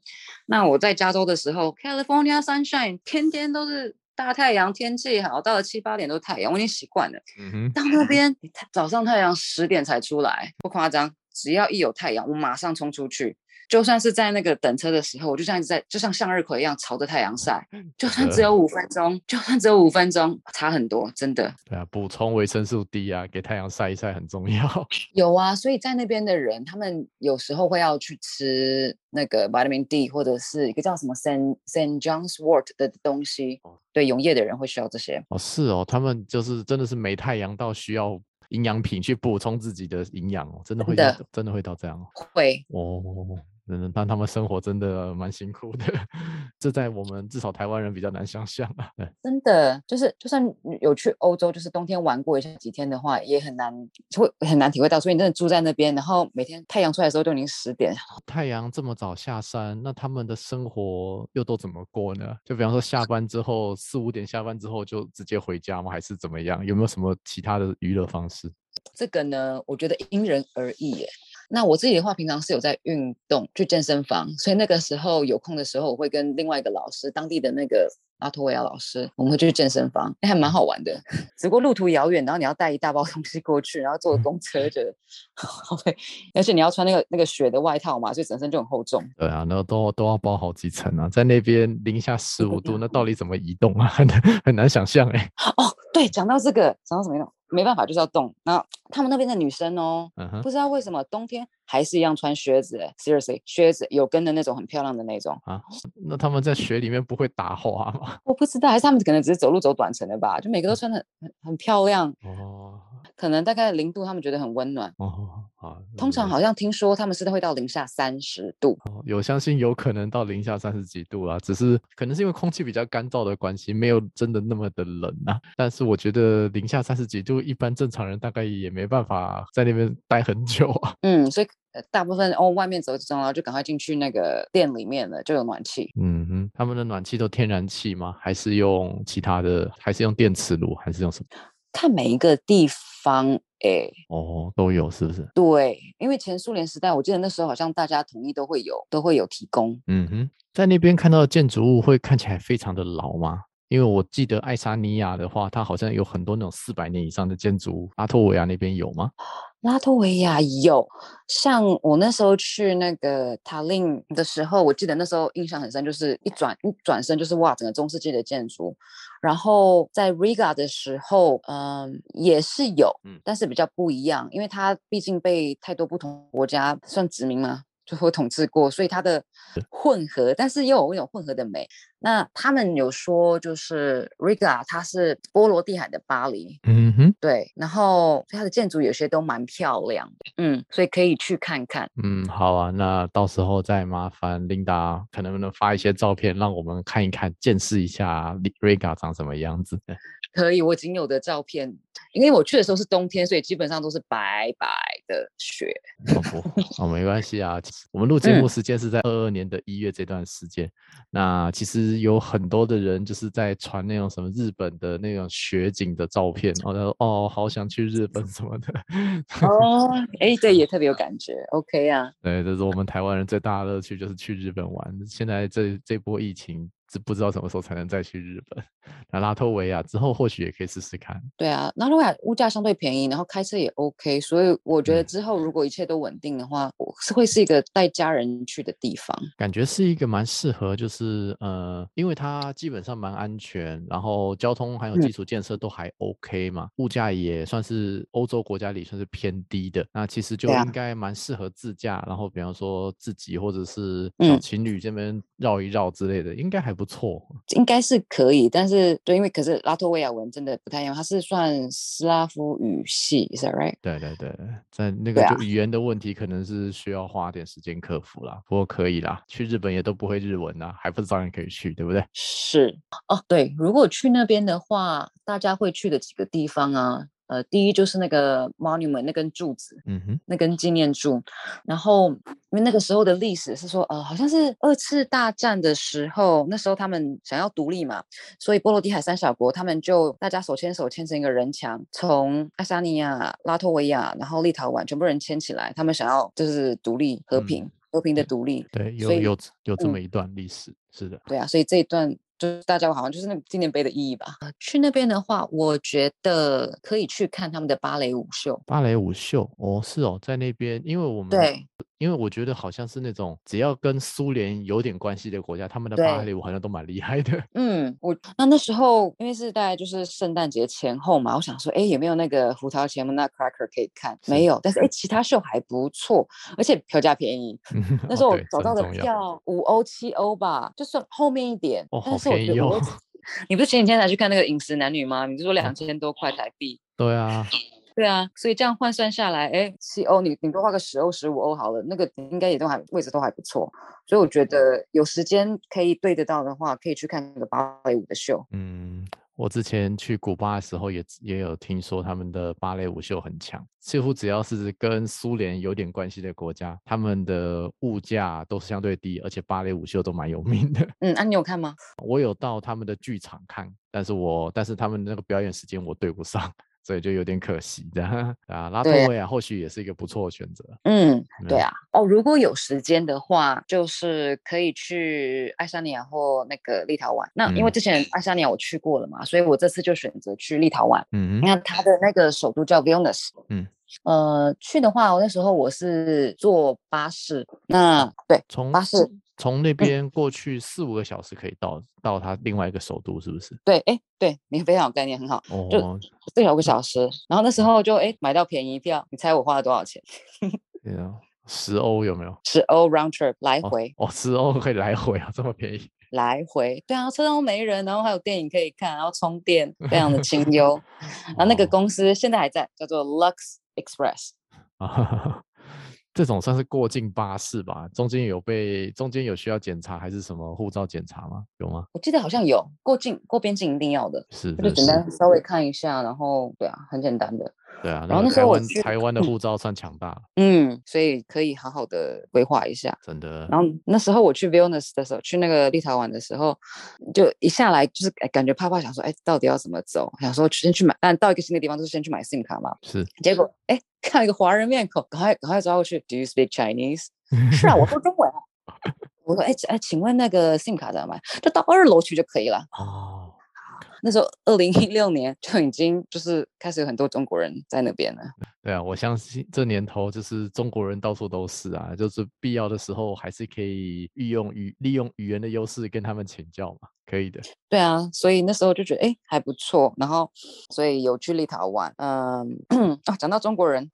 那我在加州的時候，California sunshine，天天都是。大太陽，天氣好，到了七八點都太陽，我已經習慣了。Mm hmm. 到那邊，早上太陽十點才出來，不誇張，只要一有太陽，我馬上衝出去。就算是在那個等車的時候，我就像在，就像向日葵一樣朝着太陽曬。就算只有五分鐘，嗯，就算只有五分，對分鐘，差很多，真的。對啊，補充維生素 D 啊，給太陽曬一曬很重要。有啊，所以在那邊的人，他們有時候會要去吃那個 Vitamin D，或者是一個叫什麼 Saint, Saint John's Wort 的東西。對，永夜的人會需要這些。哦，是哦，他們就是真的是沒太陽到需要營養品去補充自己的營養哦，真的會，真的，真的會到這樣哦，會哦。Oh, oh, oh, oh, oh. 但他們生活真的蠻辛苦的， 這在我們至少台灣人比較難想象啊。真的，就是就算有去歐洲，就是冬天玩過一下幾天的話，也很難會很難體會到。所以你真的住在那邊，然後每天太陽出來的時候就已經十點，太陽這麼早下山，那他們的生活又都怎麼過呢？就比方說下班之後四五點下班之後就直接回家嗎？還是怎麼樣？有沒有什麼其他的娛樂方式？這個呢，我覺得因人而異耶。那我自己的話，平常是有在運動，去健身房。所以那個時候有空的時候，我會跟另外一個老師，當地的那個拉托維亞老師，我們會去健身房，那、欸、還蠻好玩的。只不過路途遙遠，然後你要帶一大包東西過去，然後坐公車的， 而且你要穿那個那個雪的外套嘛，所以整身就很厚重。對啊，然後都都要包好幾層啊，在那邊零下十五度，那到底怎麼移動啊？ 很，難很難想象哎、欸。哦，對，講到這個，講到什麼樣？沒辦法，就是要凍。那、啊、他們那邊的女生哦，嗯、哼不知道為什麼冬天還是一樣穿靴子，Seriously，靴子有跟的那種，很漂亮的那種啊。那他們在雪裡面不會打滑嗎？ 我不知道，還是他們可能只是走路走短程的吧？就每個都穿的很、嗯、很漂亮哦。可能大概零度，他們覺得很溫暖哦。好、啊，通常好像聽說他們是會到零下三十度，哦，有相信有可能到零下三十幾度啊。只是可能是因為空氣比較乾燥的關係，沒有真的那麼的冷啊。但是我覺得零下三十幾度，一般正常人大概也沒辦法在那邊待很久啊。嗯，所以、呃、大部分、哦、外面走一走，然後就趕快進去那個店裡面了，就有暖氣。嗯哼，他們的暖氣都天然氣嗎？還是用其他的？還是用電磁爐？還是用什麼？看每一個地方，哎、欸，哦，都有，是不是？對，因為前蘇聯時代，我記得那時候好像大家統一都會有，都會有提供。嗯哼，在那邊看到的建築物會看起來非常的老嗎？因為我記得愛沙尼亞的話，它好像有很多那種四百年以上的建築。拉脫維亞那邊有嗎？拉脫維亞有，像我那時候去那個塔林的時候，我記得那時候印象很深，就是一轉一轉身就是哇，整個中世紀的建築。然後在 Riga 的時候，嗯、呃，也是有，但是比較不一樣，嗯、因為它畢竟被太多不同國家算殖民嘛。最後統治過，所以它的混合，但是又有那種混合的美。那他們有說，就是 Riga，它是波羅的海的巴黎。嗯哼，對。然後它的建築有些都蠻漂亮的，嗯，所以可以去看看。嗯，好啊，那到時候再麻煩 Linda，可能不能發一些照片，讓我們看一看，見識一下 Riga 長什麼樣子。可以，我僅有的照片，因為我去的時候是冬天，所以基本上都是白白的雪。 哦，沒關係啊，我們錄節目時間是在二二年的一月這一段時間。嗯、那其實有很多的人就是在傳那種什麼日本的那種雪景的照片，然後他說：“哦，好想去日本什麼的。 ”哦，哎、欸，對，也特別有感覺。OK 啊，對，這、就是我們台灣人最大的樂趣，就是去日本玩。現在這這波疫情。只不知道什麼時候才能再去日本。那拉脫維亞之後或許也可以試試看。對啊，拉脫維亞物價相對便宜，然後開車也 OK，所以我覺得之後如果一切都穩定的話，嗯、我是會是一個帶家人去的地方。感覺是一個蠻適合，就是呃，因為它基本上蠻安全，然後交通還有基礎建設都還 OK 嘛，嗯、物價也算是歐洲國家裡算是偏低的。那其實就應該蠻適合自駕，然後比方說自己或者是小情侶這邊繞一繞之類的，嗯、應該還。不錯，應該是可以，但是對，因為可是拉托維亞文真的不太一樣，它是算斯拉夫語系，是吧？對對對，在那個就語言的問題，可能是需要花點時間克服啦。啊、不過可以啦，去日本也都不會日文啦，還不是照樣可以去，對不對？是哦，對，如果去那邊的話，大家會去的幾個地方啊。呃，第一就是那個 monument 那根柱子，嗯哼，那根紀念柱。然後因為那個時候的歷史是說，呃，好像是二次大戰的時候，那時候他們想要獨立嘛，所以波羅的海三小國他們就大家手牽手牽成一個人牆，從愛沙尼亞、拉脫維亞、然後立陶宛全部人牽起來，他們想要就是獨立和平，嗯、和平的獨立。對，對，所以，有有有這麼一段歷史，嗯、是的。對啊，所以這一段。就大家好像就是那紀念碑的意義吧。去那邊的話，我覺得可以去看他們的芭蕾舞秀。芭蕾舞秀哦，是哦，在那邊，因為我們對。因為我覺得好像是那種只要跟蘇聯有點關係的國家，他們的芭蕾舞好像都蠻厲害的。嗯，我那那時候因為是在就是聖誕節前後嘛，我想說，哎，有沒有那個胡桃鉗嘛，那 cracker 可以看是沒有，但是哎，其他秀還不錯，而且票價便宜。嗯、那時候我找到的票五歐七歐吧，哦、就算後面一點，哦哦、但是我有。你不是前幾天才去看那個飲食男女嗎？你就說兩千多塊台幣。哦、對啊。對啊，所以這樣換算下來，哎，七歐你頂多花個十歐十五歐好了，那個應該也都還位置都還不錯。所以我覺得有時間可以對得到的話，可以去看那個芭蕾舞的秀。嗯，我之前去古巴的時候也也有聽說他們的芭蕾舞秀很強，似乎只要是跟蘇聯有點關係的國家，他們的物價都是相對低，而且芭蕾舞秀都蠻有名的。嗯，那、啊、你有看嗎？我有到他們的劇場看，但是我但是他們那個表演時間我對不上。所以就有點可惜的啊，拉脫維亞或許也是一個不錯的選擇。啊、有有嗯，對啊。哦，如果有時間的話，就是可以去愛沙尼亞或那個立陶宛。那因為之前愛沙尼亞我去過了嘛，嗯、所以我這次就選擇去立陶宛。嗯，嗯，那它的那個首都叫 v i 維爾紐斯。嗯。呃，去的話、哦，那時候我是坐巴士。那對，從巴士從那邊過去四五個小時可以到、嗯、到他另外一個首都，是不是？對，哎，對你非常有概念，很好。哦、就四五個小時，然後那時候就哎買到便宜票，你猜我花了多少錢？ 對啊、十歐有沒有？十歐 round trip 來回哦。哦。十歐可以來回啊，這麼便宜？來回，對啊，車上都沒人，然後還有電影可以看，然後充電，非常的清幽。 然後那個公司現在還在，叫做 Lux。Express 啊，這種算是過境巴士吧？中間有被，中間有需要檢查還是什麼護照檢查嗎？有嗎？我記得好像有過境過邊境一定要的。是這個簡單稍微看一下，是是是，然後對啊，很簡單的。對啊，那個、然後那時候我台灣的護照算強大了，嗯，嗯，所以可以好好的規劃一下。真的。然後那時候我去 Vilnius 的時候，去那個立陶宛的時候，就一下來就是感覺怕怕，想說哎、欸，到底要怎麼走？想說先去買，但到一個新的地方就是先去買 SIM 卡嘛。是。結果哎、欸，看一個華人面孔，趕快趕快走過去。Do you speak Chinese？ 是啊，我說中文、啊。我說哎哎、欸，請問那個 SIM 卡怎麼買？就到二樓去就可以了。哦。那時候，二零一六年就已經就是開始有很多中國人在那邊了。對啊，我相信這年頭就是中國人到處都是啊，就是必要的時候還是可以利用語利用語言的優勢跟他們請教嘛，可以的。對啊，所以那時候就覺得哎還不錯，然後所以有去立陶宛，嗯啊，講到中國人，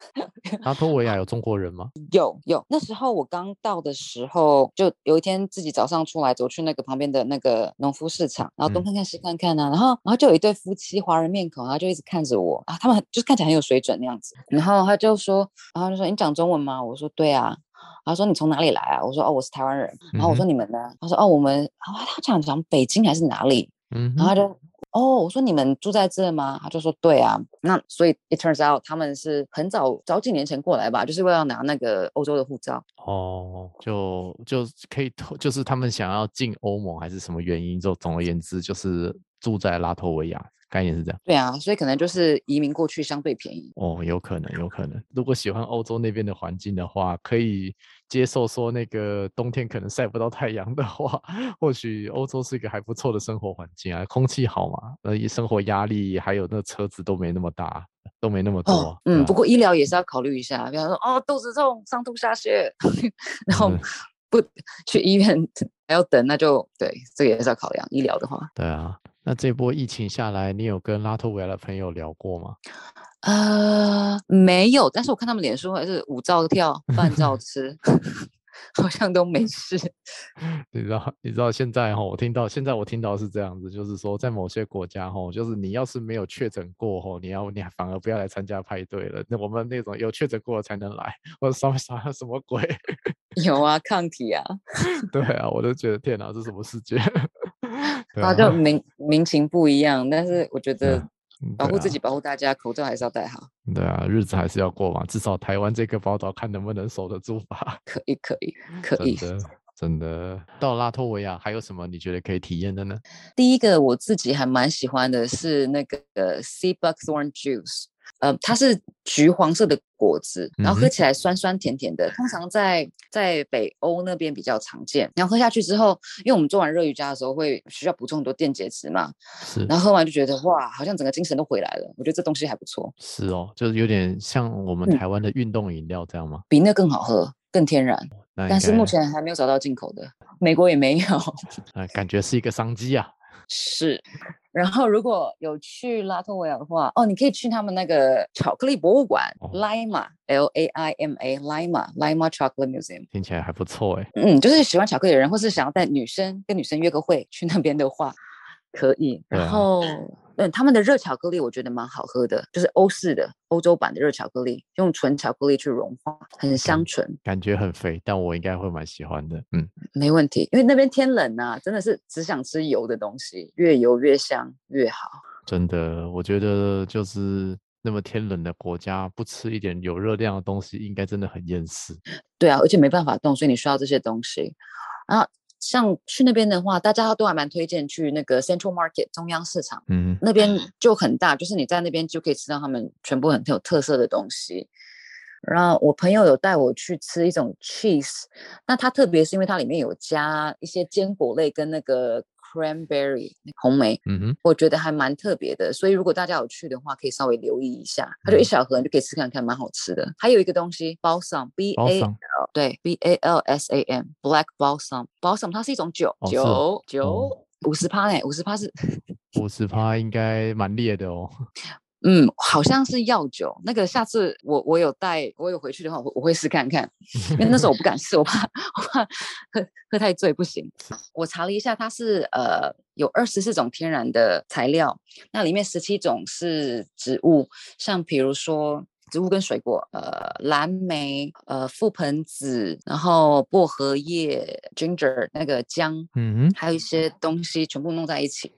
拉、啊、脫維亞有中國人嗎？ 有有，那時候我剛到的時候，就有一天自己早上出來走去那個旁邊的那個農夫市場，然後東看看西、嗯、看看呢、啊，然後然後就有一對夫妻華人面孔啊，然後就一直看着我啊，他們就是看起來很有水準那樣子。然後他就說，然後他就說你講中文嗎？我說對啊。他說你從哪裡來啊？我說哦，我是台灣人。然後我說、嗯、哼你們呢？他說哦，我們、哦、他想講，講北京還是哪裡？嗯哼。然後他就哦，我說你們住在這嗎？他就說對啊。那所以 it turns out 他們是很早早幾年前過來吧，就是為了要拿那個歐洲的護照。哦，就就可以投，就是他們想要進歐盟還是什麼原因？就總而言之，就是住在拉托維亞。概念是這樣，對啊，所以可能就是移民過去相對便宜哦，有可能，有可能。如果喜歡歐洲那邊的環境的話，可以接受說那個冬天可能曬不到太陽的話，或許歐洲是一個還不錯的生活環境啊，空氣好嘛，而且，生活壓力還有那車子都沒那麼大，都沒那麼多。啊。哦啊、嗯，不過醫療也是要考慮一下，比方說哦，肚子痛，上吐下瀉 不、嗯，然後不去醫院還要等，那就對，這個也是要考量醫療的話。對啊。那這波疫情下來，你有跟拉脫維亞的朋友聊過嗎？呃，沒有，但是我看他們臉書還是舞照跳，飯照吃， 好像都沒事。你知道，你知道現在哈，我聽到現在我聽到是這樣子，就是說在某些國家哈，就是你要是沒有確診過哈，你要你反而不要來參加派對了。那我們那種有確診過才能來，或者什麼什什麼鬼？ 有啊，抗體啊。 對啊，我都覺得天哪，這什麼世界？ 啊，就民民情不一樣，但是我覺得保護自己、嗯啊、保護大家，口罩還是要戴好。對啊，日子還是要過嘛，至少台灣這個寶島看能不能守得住吧。可以，可以，可以。真的，真的。到拉脫維亞還有什麼你覺得可以體驗的呢？第一個我自己還蠻喜歡的是那個 sea buckthorn juice。呃，它是橘黃色的果汁，嗯、哼然後喝起來酸酸甜甜的。通常在在北歐那邊比較常見。然後喝下去之後，因為我們做完熱瑜伽的時候會需要補充很多電解質嘛，是然後喝完就覺得哇，好像整個精神都回來了。我覺得這東西還不錯。是哦，就是有點像我們台灣的運動飲料這樣嗎？嗯、比那更好喝，更天然。但是目前還沒有找到進口的，美國也沒有。 呃、感覺是一個商機啊。是，然後如果有去拉脫維亞的話，哦，你可以去他們那個巧克力博物館，Laima、哦、Laima, L A I M A Laima Laima Chocolate Museum，聽起來還不錯誒。嗯，就是喜歡巧克力的人，或是想要帶女生跟女生約個會去那邊的話，可以。然後。嗯嗯，他們的熱巧克力我覺得蠻好喝的，就是歐式的歐洲版的熱巧克力，用純巧克力去融化，很香醇，感，感覺很肥，但我應該會蠻喜歡的。嗯，沒問題，因為那邊天冷啊，真的是只想吃油的東西，越油越香越好。真的，我覺得就是那麼天冷的國家，不吃一點有熱量的東西，應該真的很厭食。對啊，而且沒辦法動，所以你需要這些東西啊。然後像去那邊的話，大家都還蠻推薦去那個 Central Market 中央市場，嗯哼，那邊就很大，就是你在那邊就可以吃到他們全部很有特色的東西。然後我朋友有帶我去吃一種 cheese，那它特別是因為它裡面有加一些堅果類跟那個 cranberry 紅莓，嗯哼，我覺得還蠻特別的。所以如果大家有去的話，可以稍微留意一下，它就一小盒你就可以吃看看，蠻好吃的。還有一個東西，Balsam b, am, b a 對，b a l s a m black balsam balsam，它是一種酒，哦、酒、啊、酒五十趴哎，五十趴是五十趴，應該蠻烈的哦。嗯，好像是藥酒，那個下次我我有帶，我有回去的話，我會試看看。 因為那時候我不敢試，我怕我怕喝，喝，喝太醉不行。是我查了一下，它是呃有二十四種天然的材料，那裡面十七種是植物，像比如說。植物跟水果，呃，藍莓，呃，覆盆子，然後薄荷葉，ginger 那個薑，嗯哼，還有一些東西，全部弄在一起，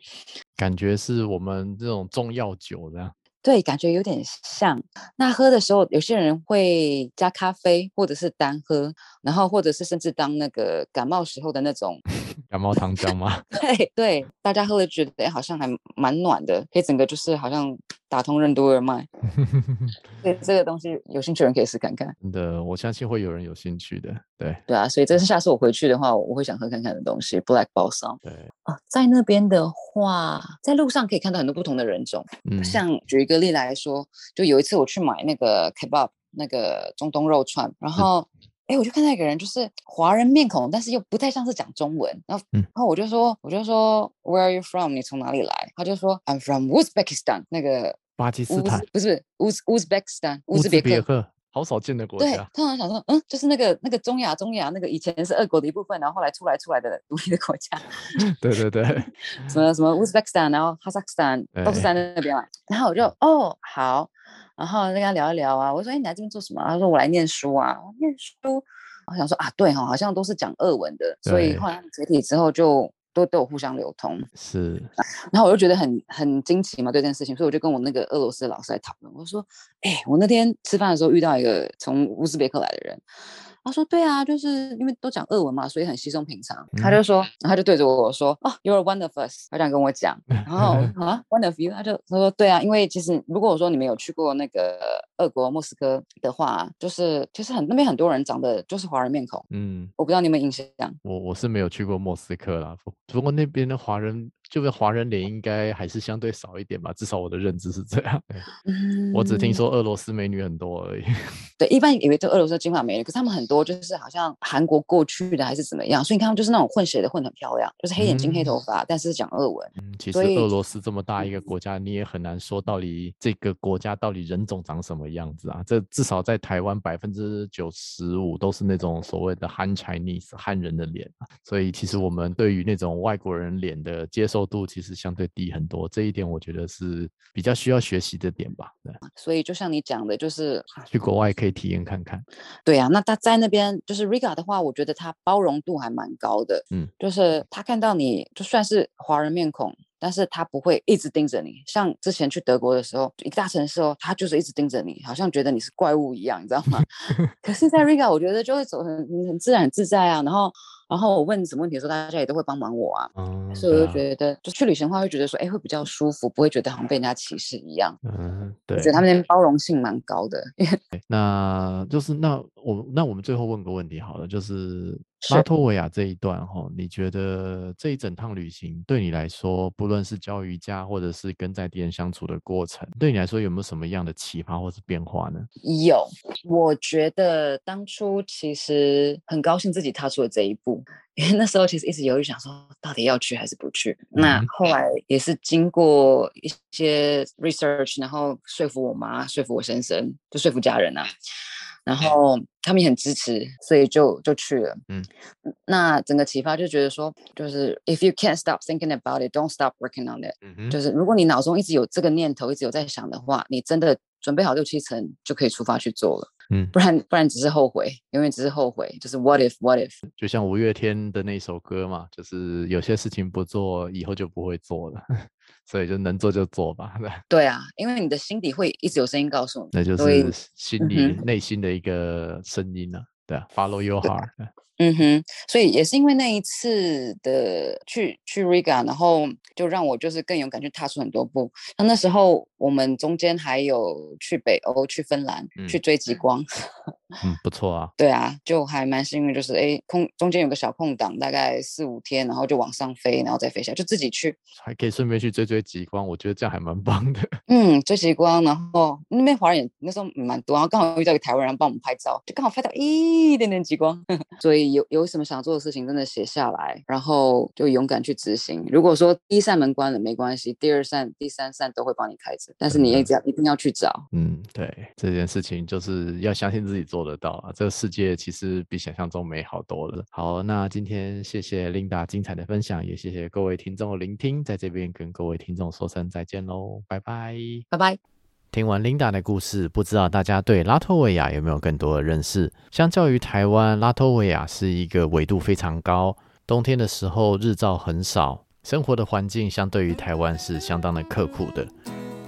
感覺是我們這種中藥酒這樣。對，感覺有點像。那喝的時候，有些人會加咖啡，或者是單喝，然後或者是甚至當那個感冒時候的那種感冒糖漿嗎？ 對對，大家喝了覺得好像還蠻暖的，可以整個就是好像。打通任督二脈，所以 這個東西有興趣的人可以試看看。真的，我相信會有人有興趣的。對對啊，所以這是下次我回去的話，我會想喝看看的東西。Black Balsam。對啊，在那邊的話，在路上可以看到很多不同的人種。嗯，像舉一個例來說，就有一次我去買那個 Kebab，那個中東肉串，然後。嗯哎，我就看到一個人，就是華人面孔，但是又不太像是講中文。然後，嗯、然後我就說，我就說，Where are you from？你從哪裡來？他就說，I'm from Uzbekistan。那個巴基斯坦不是 Uzbek Uzbekistan 烏茲別克，好少見的國家。對，突然想說，嗯，就是那個那個中亞中亞那個以前是俄國的一部分，然後後來出來出來的獨立的國家。 對對對，什麼什麼 Uzbekistan，然後哈薩克斯坦都是在那邊嘛。然後我就，哦，好。然後跟他聊一聊啊，我說：“哎、欸，你來這邊做什麼？”他說：“我來念書啊，我念書。”我想說：“啊，對哈，好像都是講俄文的，對所以後來解體之後就都都有互相流通。”是。然後我就覺得很很驚奇嘛，對這件事情，所以我就跟我那個俄羅斯的老師在討論。我說：“哎、欸，我那天吃飯的時候遇到一個從烏茲別克來的人。”他說：“對啊，就是因為都講俄文嘛，所以很稀鬆平常。”嗯，他就說，他就對着我，我說：“哦、oh，you are one of us。”他這樣跟我講，然後啊 ，one of you，他就他說：“對啊，因為其實如果我說你們有去過那個俄國莫斯科的話，就是就是很那邊很多人長得就是華人面孔。”嗯，我不知道你們印象。我我是沒有去過莫斯科啦，只不過那邊的華人。就是華人臉應該還是相對少一點吧，至少我的認知是這樣。嗯、我只聽說俄羅斯美女很多而已。對，一般以為這俄羅斯的金髮美女，可是他們很多就是好像韓國過去的還是怎麼樣，所以你看，就是那種混血的混很漂亮，就是黑眼睛黑頭髮，嗯、但是講俄文、嗯。其實俄羅斯這麼大一個國家，對你也很難說到底這個國家到底人種長什麼樣子啊？這至少在台灣百分之九十五都是那種所謂的漢 Chinese 漢人的臉。所以其實我們對於那種外國人臉的接受。度其實相對低很多，這一點我覺得是比較需要學習的點吧。對，所以就像你講的，就是去國外可以體驗看看。對呀、啊，那他在那邊就是 Riga 的話，我覺得他包容度還蠻高的。嗯，就是他看到你就算是華人面孔，但是他不會一直盯着你，像之前去德國的時候，一個大城市哦，他就是一直盯着你，好像覺得你是怪物一樣，你知道嗎？ 可是在 Riga，我覺得就會走很很自然很自在啊，然後然後我問什麼問題的時候，大家也都會幫忙我啊，嗯、所以我就覺得，啊、就去旅行的話，會覺得說，哎，會比較舒服，不會覺得好像被人家歧視一樣。嗯，對，所以他們那邊包容性蠻高的。那就是那我那我們最後問個問題好了，就是。是，拉托維亞這一段，哈，你覺得這一整趟旅行對你來說，不論是教瑜伽或者是跟在地人相處的過程，對你來說有沒有什麼樣的啟發或是變化呢？有，我覺得當初其實很高興自己踏出了這一步。因為那時候其實一直猶豫，想說到底要去還是不去。嗯，那後來也是經過一些 research，然後說服我媽、說服我先生，就說服家人啊，然後。他們也很支持，所以就就去了。嗯，那整個啟發就覺得說，就是 if you can't stop thinking about it, don't stop working on it。嗯哼。就是如果你腦中一直有這個念頭，一直有在想的話，你真的準備好六七成就可以出發去做了。嗯，不然不然只是後悔，永遠只是後悔就是 what if what if，就像五月天的那首歌嘛，就是有些事情不做以後就不會做了， 所以就能做就做吧。對，對啊，因為你的心底會一直有聲音告訴你，那就是心裡以、嗯、哼內心的一個聲音啊。對，follow your heart。啊，嗯哼，所以也是因為那一次的去去 Riga，然後就讓我就是更勇敢去踏出很多步。那那時候我們中間還有去北歐，去芬蘭，去追極光。嗯 嗯，不錯啊。對啊，就還蠻幸運，就是哎空中間有個小空檔，大概四五天，然後就往上飛，然後再飛下，就自己去，還可以順便去追追極光，我覺得這樣還蠻棒的。嗯，追極光，然後那邊華人也那時候也蠻多，然後剛好遇到一個台灣人幫我們拍照，就剛好拍到一點點極光。 所以有有什麼想做的事情，真的寫下來，然後就勇敢去執行。如果說第一扇門關了沒關係，第二扇、第三扇都會幫你開着，但是你一定要、嗯、一定要去找。嗯，對，這件事情就是要相信自己做。做得到啊！這個世界其實比想象中美好多了。好，那今天謝謝琳達精彩的分享，也謝謝各位聽眾的聆聽，在這邊跟各位聽眾說聲再見嘍，拜拜，拜拜。聽完琳達的故事，不知道大家對拉托維亞有沒有更多的認識？相較於台灣，拉托維亞是一個緯度非常高，冬天的時候日照很少，生活的環境相對於台灣是相當的刻苦的，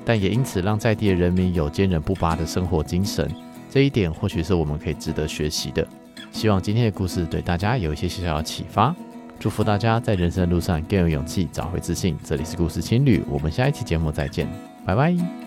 但也因此讓在地的人民有堅韌不拔的生活精神。這一點或許是我們可以值得學習的。希望今天的故事對大家有一些小小的啟發。祝福大家在人生的路上更有勇氣，找回自信。這裡是故事青旅，我們下一期節目再見，拜拜。